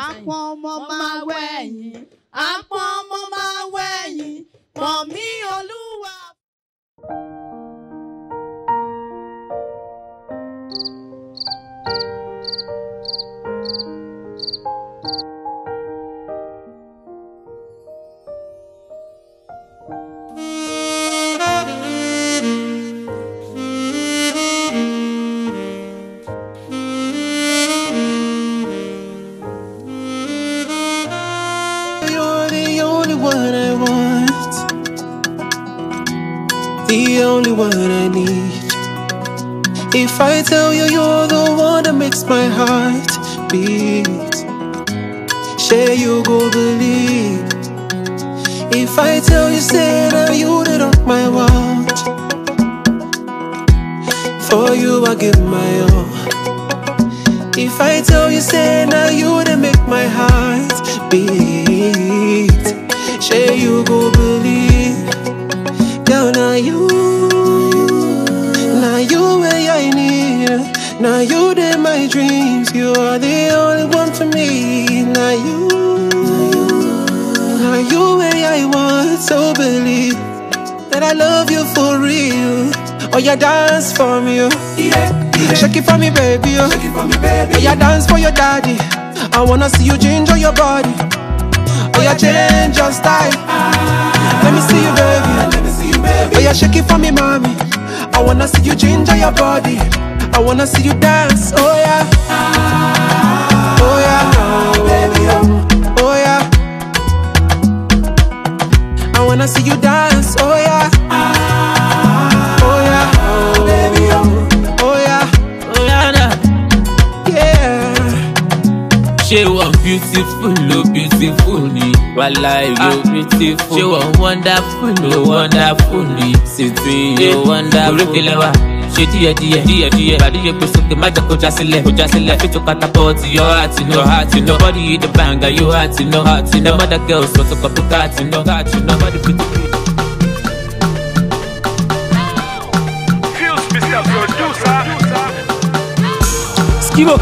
àpọ̀n ọmọ máa wẹ̀yìn àpọ̀n ọmọ máa wẹ̀yìn pọ̀n mí olúwa. only one I need. If I tell you you're the one that makes my heart beat, share you go believe. If I tell you say that you did on my watch, for you I give my all. If I tell you say now you did make Now you did my dreams, you are the only one for me. Now you, now you where I want, so believe that I love you for real. Oh, you dance for me, oh. yeah, yeah. Shake it for me, baby, oh. Shake it for me, baby. Oh, you dance for your daddy. I wanna see you ginger your body. Oh, you change your style. Let me see you, baby. Let me see you, baby. Oh, you shake it for me, mommy. I wanna see you ginger your body. I wanna see you dance, oh yeah. Oh yeah, baby, oh, oh yeah. I wanna see you dance, oh yeah. Oh oh oh yeah, ṣé wọ́n beautiful ló beautiful ni. wàláì ló ah. beautiful. ṣé wọ́n wonderful ló wonderful ni. sì tún yóò eh, wonderful. orí kìlẹ̀ wa. ṣe díẹ̀ díẹ̀ díẹ̀ díẹ̀ bàdí epo sókè kó já sílẹ̀ kó já you know heart you know body the banga you Skibo,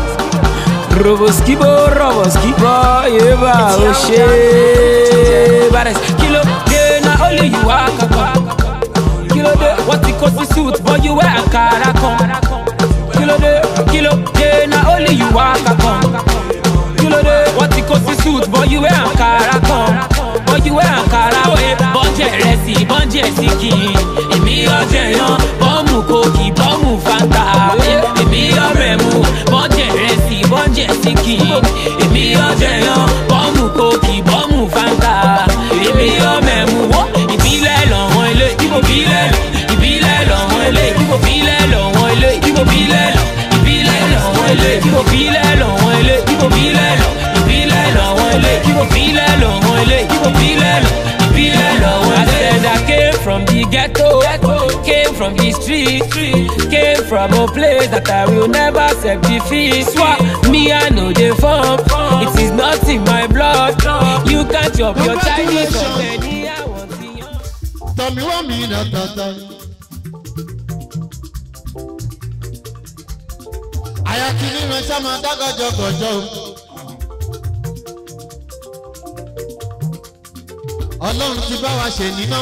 robo skibo, robo skibo, eba, oshe, bares, kilo, na only you sí suit but you wear a kan. kí ló dé kí ló dé na only you waka kan. kí ló dé wọ́n ti kó suit but you wear ankara kan. but you wear a oye. bọ́njẹ̀ rẹ̀ sí bọ́njẹ̀ sí kì í èmi ọjọ́ yan bọ́ọ̀mù kòkì bọ́ọ̀mù Oh, I said I came from the ghetto, came from the street, came from a place that I will never set defeat. Swap me, I know the form. It is not in my blood. You can't chop your Chinese company. I want to young. Tell I what mean that that. Ayakini mẹ́ta máa dágọ́jọ́ ọlọ́run ti bá wa ṣe níná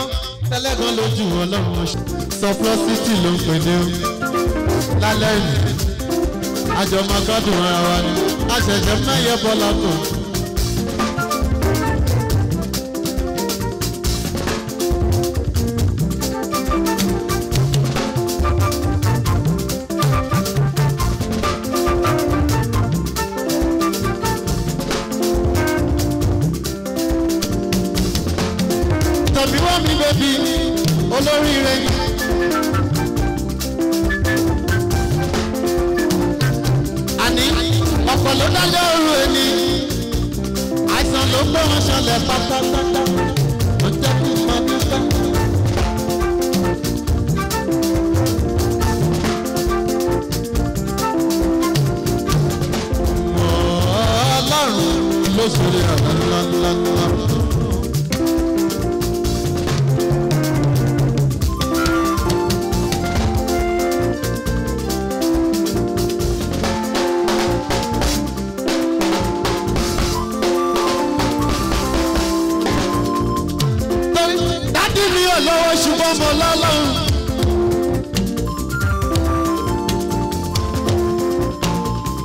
tẹ́lẹ̀gàn lójú ọlọ́run sọ prọ́sítì ló ń pè ní o lálẹ́ yìí àjọ ara wa ni a ṣẹ̀ṣẹ̀ mẹ́yẹ bọ́lá kan. àní ọ̀pọ̀ ló dájọ́ òru ẹni àìsàn ló gbé wọn ṣọlẹ̀ pátápátá wọ́n jẹ́ kí n mọ nípa. ọlọ́run ló ṣe rí àwọn mi ṣùgbọ́n mo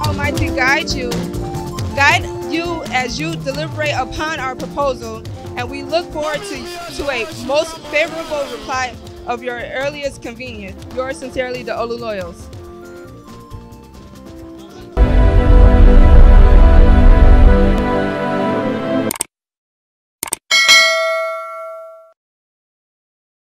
Almighty guide you, guide you as you deliberate upon our proposal, and we look forward to, to a most favorable reply of your earliest convenience. Yours sincerely, the Loyals.